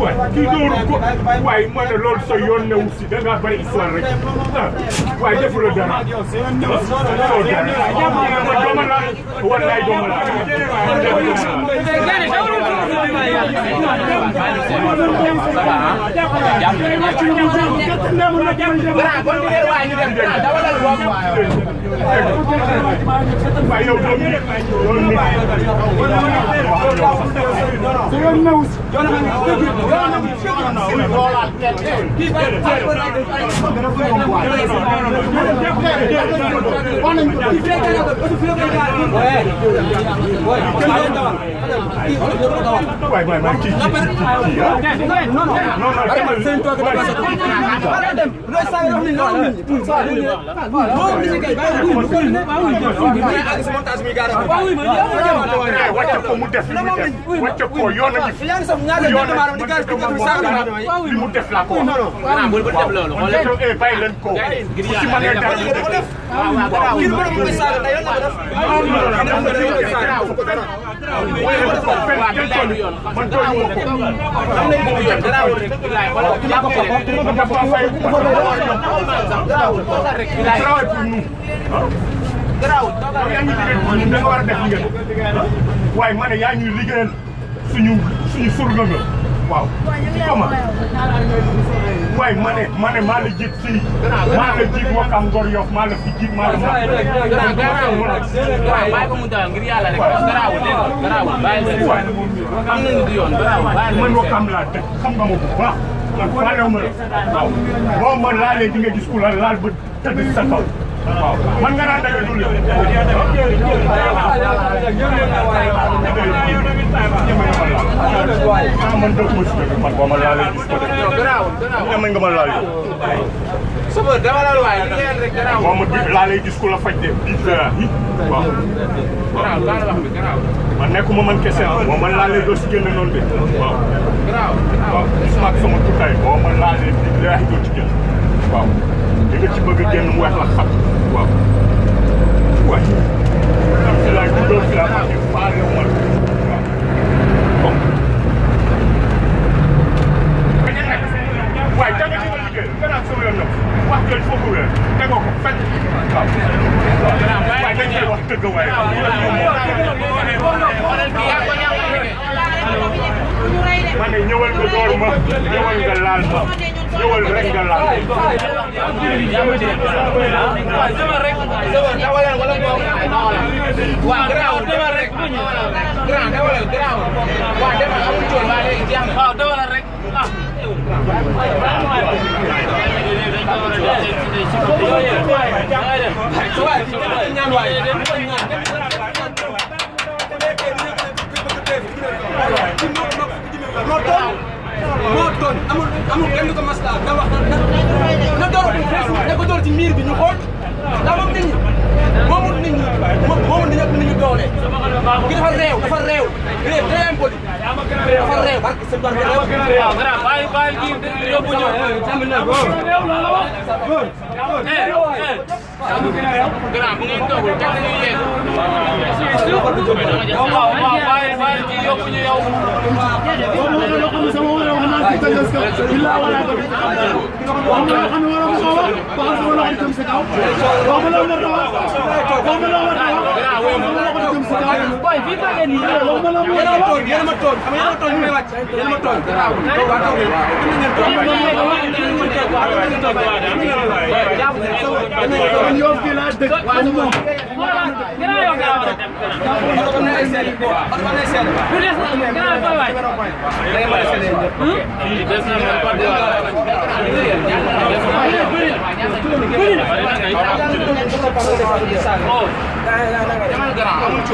waay kii dóoru ko waay ma ne loolu sa yoon ne aussi da ngaa bëri histoire rek ah waay defuloo dara ah, defuloo dara ma ah, doomal la wallaay doomal la waay yow doom nit doom nit Wait, wait, wait. waaye saa yoo xam ne ñoo am nit ñi. waaw loolu la kay bàyyi wu ñu ko ne bàyyi wu ñu ko. bu dee àgg si montage bi gàllankoor. waaw wuy ma yow ma jëm waaw waaw wàcce ko mu def li mu def wàcce ko yoon a ji. yoon a ji yoon a ji gàllankoor bi moom li mu def la ko. waaw bu def loolu. waaw léegi tey bàyyi leen ko. bu ci mën leen dara mu def. waaw waaw waaw kii bi ma ne ma koy saaga tey yoon na ko def. waaw loolu la dama koy saaga. waaw waaw waaw waaw travaille pour nous. garaawul ñun waaye ma ne yaa ñuy liggéeyal suñu suñu surga nga waaw. waaye ma ne ma ne maa la jiit fii maa la jiit Wakam Ngor Yoff maa la fi jiit maa la ma. waaw ngir yàlla la. waaw am nañu di yoon garaawul bàyyi la man Wakam laa dëkk xam nga ma bu baax. man faalewu ma la waaw boo ma laalee di nga gis ku la laal ba tëdd sa kaw waaw man nga naan dajale loolu yëpp. man dëkk ma si dëkk man ma laalee gis ko de ne mën nga ma laal yow. sëbër dama laal waaye li ngeen rek gannaaw. waaw ma man kese ah waaw man laa lay noonu de. waaw. gannaaw sama tuutaay waaw man laa lay lay waaw li ci bëgg a mu wax la xam waaw. waaye. am laay guddoo ci laa ma ne ñëwal nga door ma ñëwal nga laal ma ñëwal rek nga laal ma. moo doon amul amul kenn ko masla na wax na na door na ko door ci miir bi ñu xool ndax moom nit ñi moomul nit ñi moomul nit ñi ak nit ñi doole ki dafa réew dafa réew réew Gracias. ngeen nii yéen a ma tooñ yéen a ma tooñ xam nga yéen a ma tooñ may wàcc yéen a ma tooñ waaw toog ngeen toog waaw toog ngeen toog waaw